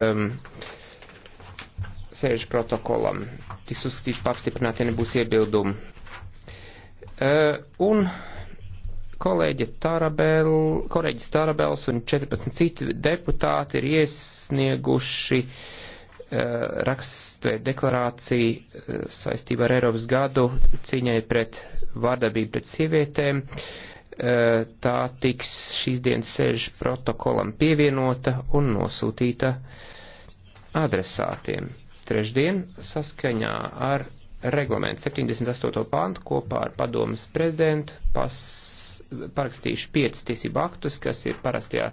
um, sēžu protokolam. Tiks uzskatīts papstiprināti, ja nebūs iebildumi. Uh, un kolēģi Tarabel, kolēģis Tarabels un 14 citi deputāti ir iesnieguši uh, rakstveidu deklarāciju uh, saistībā ar Eiropas gadu cīņai pret vārdarbību pret sievietēm. Eh, tā tiks šīs dienas sēžu protokolam pievienota un nosūtīta adresātiem. Trešdien saskaņā ar reglamentu 78. pāntu kopā ar padomas prezidentu pas, parakstīšu pieci tiesību aktus, kas ir parastajā